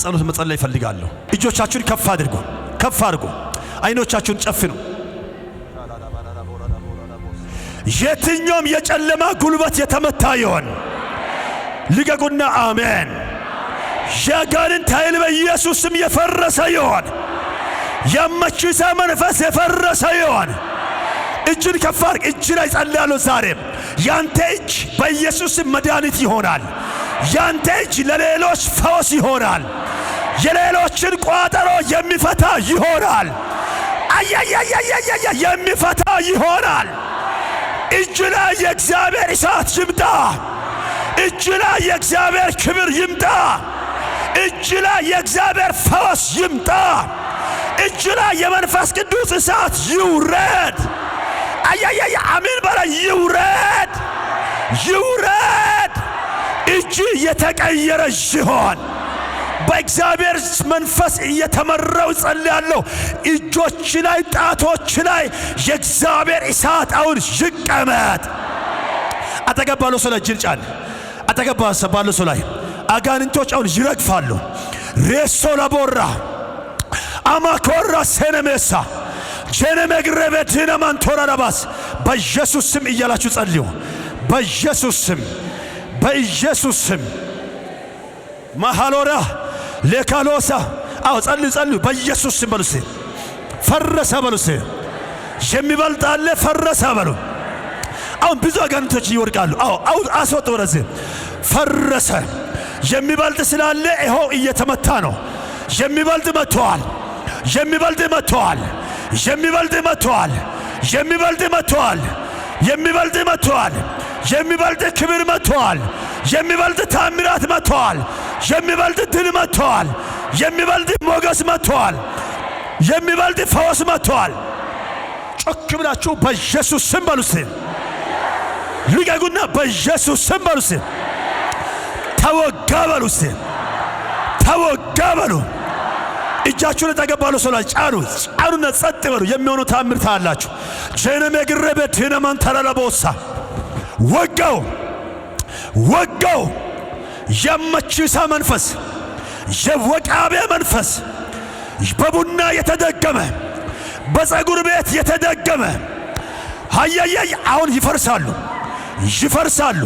ጸሎት መጸለይ ይፈልጋለሁ። እጆቻችሁን ከፍ አድርጉ፣ ከፍ አድርጉ። አይኖቻችሁን ጨፍኑ። የትኛውም የጨለማ ጉልበት የተመታ ይሆን ልቀቁና፣ አሜን። የአጋንንት ኃይል በኢየሱስም የፈረሰ ይሆን። የመቺሳ መንፈስ የፈረሰ ይሆን። እጅን ከፍ አድርግ። እጅ ላይ ጸልያለሁ። ዛሬም ያንተ እጅ በኢየሱስም መድኃኒት ይሆናል። ያንተ እጅ ለሌሎች ፈውስ ይሆናል። የሌሎችን ቋጠሮ የሚፈታ ይሆናል። አያያያያያ የሚፈታ ይሆናል። እጅ ላይ የእግዚአብሔር እሳት ይምጣ። እጅ ላይ የእግዚአብሔር ክብር ይምጣ። እጅ ላይ የእግዚአብሔር ፈውስ ይምጣ። እጅ ላይ የመንፈስ ቅዱስ እሳት ይውረድ። አያያያ አሚን በላይ ይውረድ፣ ይውረድ እጅ የተቀየረ ይሆን። በእግዚአብሔር መንፈስ እየተመራው ጸልያለሁ። እጆች ላይ ጣቶች ላይ የእግዚአብሔር እሳት አሁን ይቀመጥ። አጠገብ ባለው ሰው ላይ እጅን ጫን። አጠገብ ባለው ሰው ላይ አጋንንቶች አሁን ይረግፋሉ። ሬሶ ለቦራ አማኮራ ሴነሜሳ ጀነመግረበ ድነማንቶራ ለባስ በኢየሱስ ስም እያላችሁ ጸልዩ። በኢየሱስ ስም በኢየሱስ ስም ማሃሎራ ሌካሎሳ አዎ ጸልዩ ጸልዩ። በኢየሱስ ስም በሉሴ ፈረሰ በሉሴ የሚበልጣለ ፈረሰ በሉ። አሁን ብዙ አጋንንቶች ይወድቃሉ። አዎ አሁን አስወጡ ወደዚህ ፈረሰ። የሚበልጥ ስላለ ይኸው እየተመታ ነው። የሚበልጥ መጥተዋል። የሚበልጥ መጥተዋል። የሚበልጥ መጥተዋል። የሚበልጥ መጥተዋል። የሚበልጥ መጥተዋል። የሚበልጥ ክብር መጥተዋል። የሚበልጥ ታምራት መጥተዋል። የሚበልጥ ድል መጥተዋል። የሚበልጥ ሞገስ መጥተዋል። የሚበልጥ ፈወስ መጥተዋል። ጮክ ብላችሁ በኢየሱስ ስም በሉስ። ልቀቁና በኢየሱስ ስም በሉስ። ተወጋ በሉስ። ተወጋ በሉ። እጃችሁን ተገባሉ ሰላ ጫኑ ጫኑና ጸጥ በሉ። የሚሆኑ ታምርታ አላችሁ ጀነም የግረበት ሄነማን ተረለቦሳ ወጋው ወጋው። የመቺሳ መንፈስ፣ የወቃቤ መንፈስ በቡና የተደገመ በፀጉር ቤት የተደገመ ሀያያይ አሁን ይፈርሳሉ፣ ይፈርሳሉ።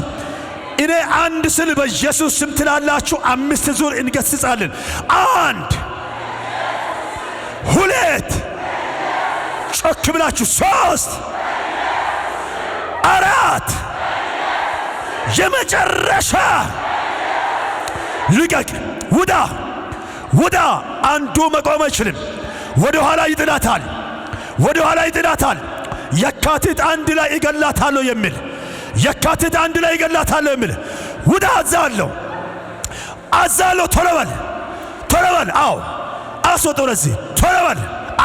እኔ አንድ ስል በኢየሱስ ስም ትላላችሁ። አምስት ዙር እንገስጻለን። አንድ ሁለት፣ ጮክ ብላችሁ ሶስት፣ አራት የመጨረሻ ልቀቅ፣ ውዳ፣ ውዳ። አንዱ መቆም አይችልም። ወደ ኋላ ይጥላታል፣ ወደ ኋላ ይጥላታል። የካቲት አንድ ላይ ይገላታለሁ የሚል የካቲት አንድ ላይ ይገላታለሁ የሚል ውዳ፣ አዛለሁ፣ አዛለሁ። ቶሎ በል፣ ቶሎ በል። አዎ አስወጡ፣ ለዚህ ቶሎ በል።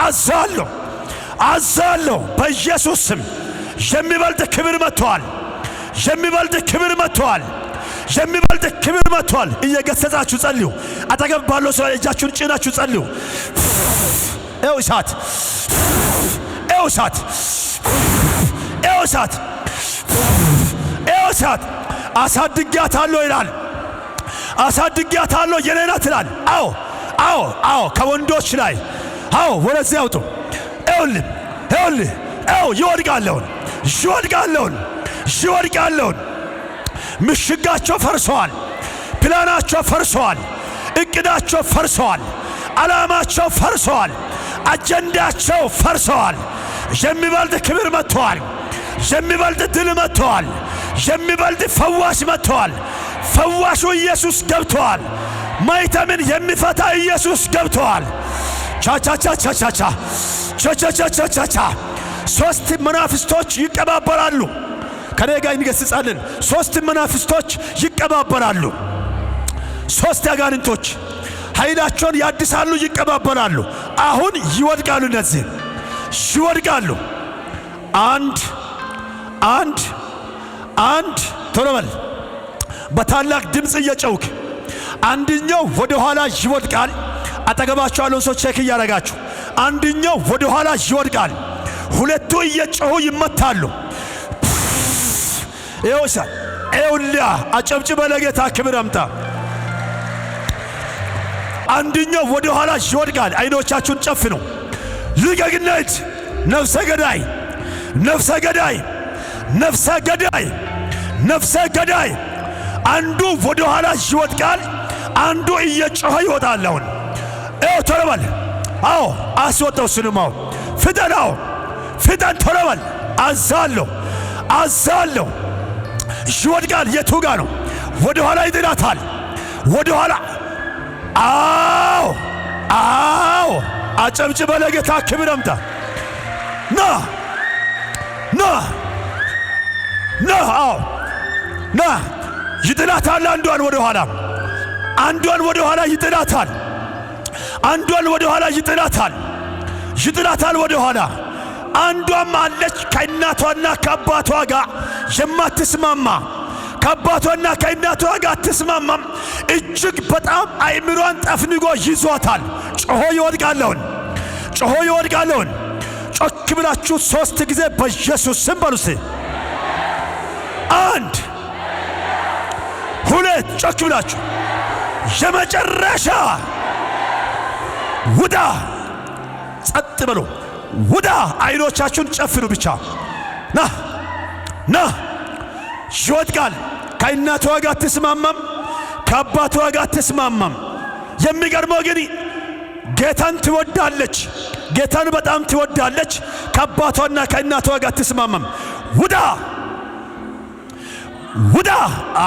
አዛለሁ፣ አዛለሁ። በኢየሱስ ስም የሚበልጥ ክብር መጥቷል። የሚበልጥ ክብር መጥቷል። የሚበልጥ ክብር መጥቷል። እየገሰጻችሁ ጸልዩ። አጠገብ ባለው ሰው እጃችሁን ጭናችሁ ጸልዩ። ኤው እሳት፣ ኤው እሳት፣ ኤው እሳት፣ ኤው እሳት። አሳድጊያታለሁ ይላል። አሳድጊያታለሁ የኔ ናት ይላል። አዎ፣ አዎ፣ አዎ። ከወንዶች ላይ አዎ፣ ወደዚህ ያውጡ። ኤውል፣ ኤውል፣ ኤው ይወድቃለሁን፣ ይወድቃለሁን ሽወድቅ ያለውን ምሽጋቸው ፈርሰዋል። ፕላናቸው ፈርሰዋል። እቅዳቸው ፈርሰዋል። ዓላማቸው ፈርሰዋል። አጀንዳቸው ፈርሰዋል። የሚበልጥ ክብር መጥተዋል። የሚበልጥ ድል መጥተዋል። የሚበልጥ ፈዋሽ መጥተዋል። ፈዋሹ ኢየሱስ ገብተዋል። ማይተምን የሚፈታ ኢየሱስ ገብተዋል። ቻቻቻቻቻቻ ቻቻቻቻቻ ሶስት መናፍስቶች ይቀባበላሉ። ከኔ ጋር እንገስጻለን። ሶስት መናፍስቶች ይቀባበላሉ። ሶስት አጋንንቶች ኃይላቸውን ያድሳሉ፣ ይቀባበላሉ። አሁን ይወድቃሉ። እነዚህ ይወድቃሉ። አንድ አንድ አንድ ቶሎ በል በታላቅ ድምፅ እየጨውክ አንድኛው ወደ ኋላ ይወድቃል። አጠገባቸው ያለውን ሰው ቼክ እያረጋችሁ አንድኛው ወደ ኋላ ይወድቃል። ሁለቱ እየጮሁ ይመታሉ። ይውሻል ኤውላ አጨብጭበ ለጌታ ክብር አምጣ። አንድኛው ወደ ኋላ ይወድቃል። አይኖቻችሁን ጨፍኑ። ልቀቅነት ነፍሰ ገዳይ ነፍሰ ገዳይ ነፍሰ ገዳይ ነፍሰ ገዳይ። አንዱ ወደ ኋላ ይወድቃል። አንዱ እየጮኸ ይወጣል። አሁን ኤው ተረበል። አዎ አስወጣው። እሱንም አሁን ፍጠን፣ አዎ ፍጠን፣ ተረበል። አዛለሁ አዛለሁ ይወድቃል። የቱ ጋ ነው? ወደ ኋላ ይጥላታል። ወደ ኋላ አዎ፣ አዎ። አጨብጭበ ለጌታ ክብር አምጣ። ና ና ና፣ አዎ፣ ና። ይጥላታል። አንዷን ወደ ኋላ አንዷን ወደ ኋላ ይጥላታል። አንዷን ወደ ኋላ ይጥላታል። ይጥላታል ወደ ኋላ አንዷም አለች ከእናቷና ከአባቷ ጋር የማትስማማ ከአባቷና ከእናቷ ጋር አትስማማም። እጅግ በጣም አይምሯን ጠፍንጎ ይዟታል። ጮሆ ይወድቃለውን ጮሆ ይወድቃለውን ጮክ ብላችሁ ሦስት ጊዜ በኢየሱስ ስም በሉስ። አንድ ሁለት፣ ጮክ ብላችሁ የመጨረሻ ውዳ ጸጥ በሉ። ውዳ አይኖቻችሁን ጨፍኑ ብቻ ና ና ይወድቃል። ከእናቷ ጋር አትስማማም፣ ከአባቷ ጋር አትስማማም። የሚገርመው ግን ጌታን ትወዳለች፣ ጌታን በጣም ትወዳለች። ከአባቷና ከእናቷ ጋር አትስማማም። ውዳ ውዳ።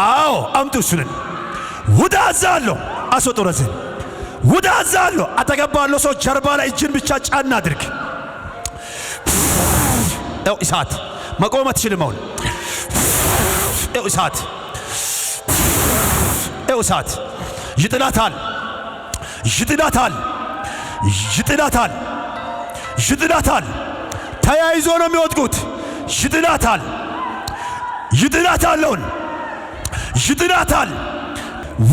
አዎ አምጡ እሱንም ውዳ። እዛ አለሁ አስወጡ ረዝህን ውዳ። እዛ አለሁ ሰው ጀርባ ላይ እጅን ብቻ ጫና አድርግ ው እሳት መቆም አትችልም። አሁን ው እሳት ው እሳት ይጥላታል፣ ይጥላታል፣ ይጥላታል፣ ይጥላታል። ተያይዞ ነው የሚወድቁት። ይጥላታል፣ ይጥላታል፣ ለውን ይጥላታል።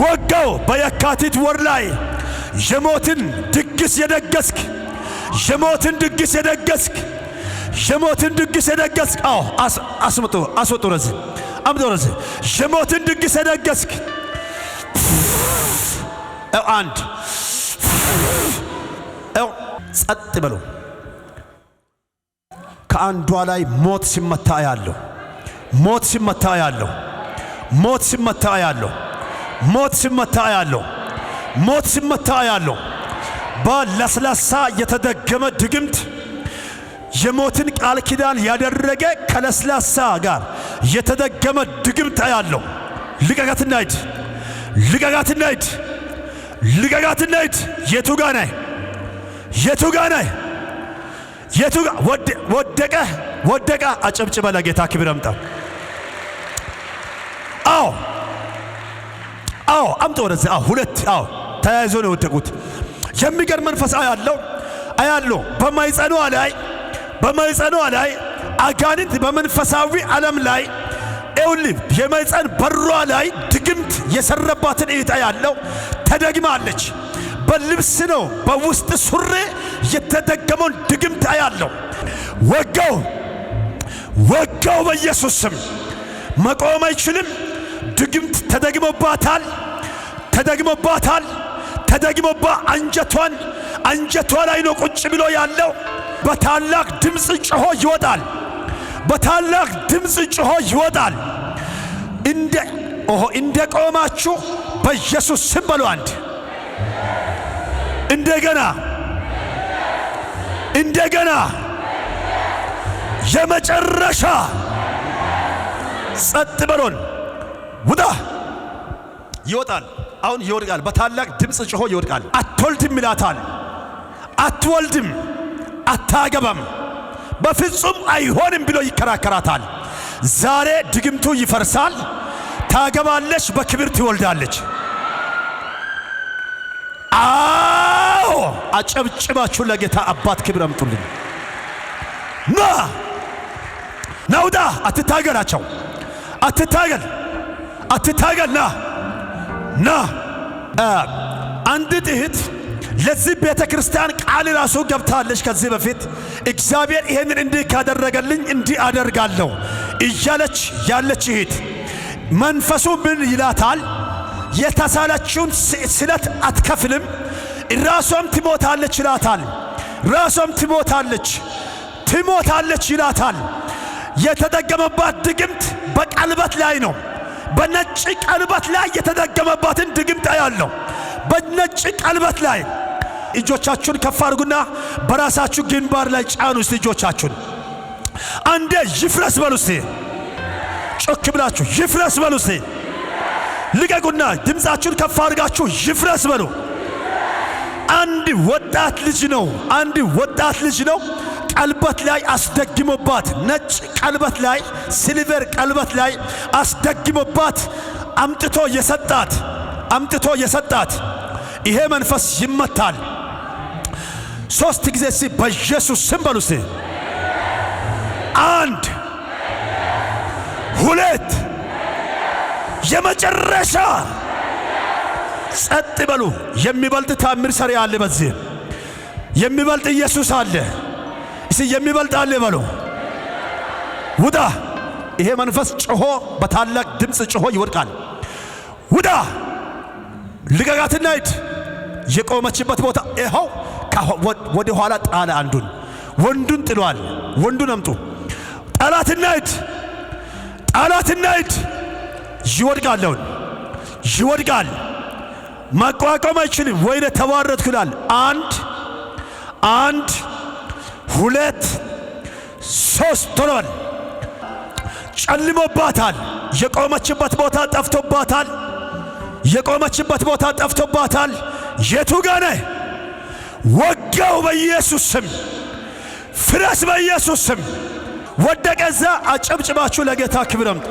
ወጋው በየካቲት ወር ላይ የሞትን ድግስ የደገስክ የሞትን ድግስ የደገስክ የሞትን ድግስ የደገስክ አዎ፣ አስምጡ አስወጡ ረዝ አምዶ ረዝ የሞትን ድግስ የደገስክ ው አንድ ው ጸጥ በሉ። ከአንዷ ላይ ሞት ሲመታ ያለው ሞት ሲመታ ያለው ሞት ሲመታ ያለው ሞት ሲመታ ያለው ሞት ሲመታ ያለው በለስላሳ የተደገመ ድግምት የሞትን ቃል ኪዳን ያደረገ ከለስላሳ ጋር የተደገመ ድግምት ያለው ልቀቃትና ሂድ፣ ልቀቃትና ሂድ፣ ልቀቃትና ሂድ። የቱ ጋ ነህ? የቱ ጋ ነህ? የቱ ጋ ወደቀ? ወደቀ። አጨብጭበ ለጌታ ክብር አምጣ። አዎ፣ አዎ፣ አምጣ ወደዚህ። አዎ፣ ሁለት። አዎ፣ ተያይዞ ነው የወደቁት። የሚገርም መንፈስ አያለው፣ አያለው በማይጸኗ ላይ በማኅፀኗ ላይ አጋንንት በመንፈሳዊ ዓለም ላይ ኤውልብ የማኅፀን በሯ ላይ ድግምት የሰረባትን እህታ ያለው ተደግማለች። በልብስ ነው በውስጥ ሱሪ የተደገመውን ድግምት ያለው ወጋው፣ ወጋው በኢየሱስ ስም መቆም አይችልም። ድግምት ተደግሞባታል፣ ተደግሞባታል፣ ተደግሞባ አንጀቷን አንጀቷ ላይ ነው ቁጭ ብሎ ያለው በታላቅ ድምፅ ጮሆ ይወጣል። በታላቅ ድምፅ ጮሆ ይወጣል። እንደ ኦሆ እንደ ቆማችሁ በኢየሱስ ስም በሉ አንድ እንደገና እንደገና የመጨረሻ ጸጥ በሎን ውጣ ይወጣል። አሁን ይወድቃል። በታላቅ ድምፅ ጮሆ ይወድቃል። አትወልድም ይላታል። አትወልድም አታገባም፣ በፍጹም አይሆንም ብሎ ይከራከራታል። ዛሬ ድግምቱ ይፈርሳል። ታገባለች፣ በክብር ትወልዳለች። አዎ አጨብጭባችሁ ለጌታ አባት ክብር አምጡልኝ። ና ናውዳ አትታገላቸው፣ አትታገል፣ አትታገል። ና ና አንድ እህት ለዚህ ቤተ ክርስቲያን ቃል ራሱ ገብታለች። ከዚህ በፊት እግዚአብሔር ይህንን እንዲህ ካደረገልኝ እንዲህ አደርጋለሁ እያለች ያለች ይሂት መንፈሱ ምን ይላታል? የተሳለችውን ስለት አትከፍልም፣ ራሷም ትሞታለች ይላታል። ራሷም ትሞታለች ትሞታለች ይላታል። የተደገመባት ድግምት በቀለበት ላይ ነው። በነጭ ቀልበት ላይ የተደገመባትን ድግምት ያለው በነጭ ቀለበት ላይ እጆቻችሁን ከፍ አድርጉና በራሳችሁ ግንባር ላይ ጫኑ። እስቲ እጆቻችሁን አንዴ ይፍረስ በሉ እስቲ፣ ጮክ ብላችሁ ይፍረስ በሉ እስቲ። ልቀቁና ድምፃችሁን ከፍ አድርጋችሁ ይፍረስ በሉ። አንድ ወጣት ልጅ ነው፣ አንድ ወጣት ልጅ ነው ቀልበት ላይ አስደግሞባት፣ ነጭ ቀልበት ላይ ሲልቨር ቀልበት ላይ አስደግሞባት አምጥቶ የሰጣት አምጥቶ የሰጣት ይሄ መንፈስ ይመታል። ሶስት ጊዜ ሲ በኢየሱስ ስም በሉ አንድ ሁለት የመጨረሻ ጸጥ በሉ። የሚበልጥ ታምር ሰሪ አለ። በዚህ የሚበልጥ ኢየሱስ አለ። እሺ የሚበልጥ አለ በሉ። ውጣ! ይሄ መንፈስ ጮሆ በታላቅ ድምፅ ጮሆ ይወድቃል። ውጣ! ልቀቃትና ሂድ። የቆመችበት ቦታ ይኸው። ወደ ኋላ ጣለ። አንዱን ወንዱን ጥሏል። ወንዱን አምጡ። ጣላትና ሂድ፣ ጣላትና ሂድ። ይወድቃል፣ ይወድቃል። መቋቋም አይችልም። ወይኔ ተዋረድኩ ይላል። አንድ አንድ ሁለት ሶስት ቶሎበል ጨልሞባታል። የቆመችበት ቦታ ጠፍቶባታል። የቆመችበት ቦታ ጠፍቶባታል። የቱ ጋነ ወጋው በኢየሱስ ስም ፍረስ፣ በኢየሱስ ስም ወደቀዛ። አጨብጭባችሁ ለጌታ ክብረም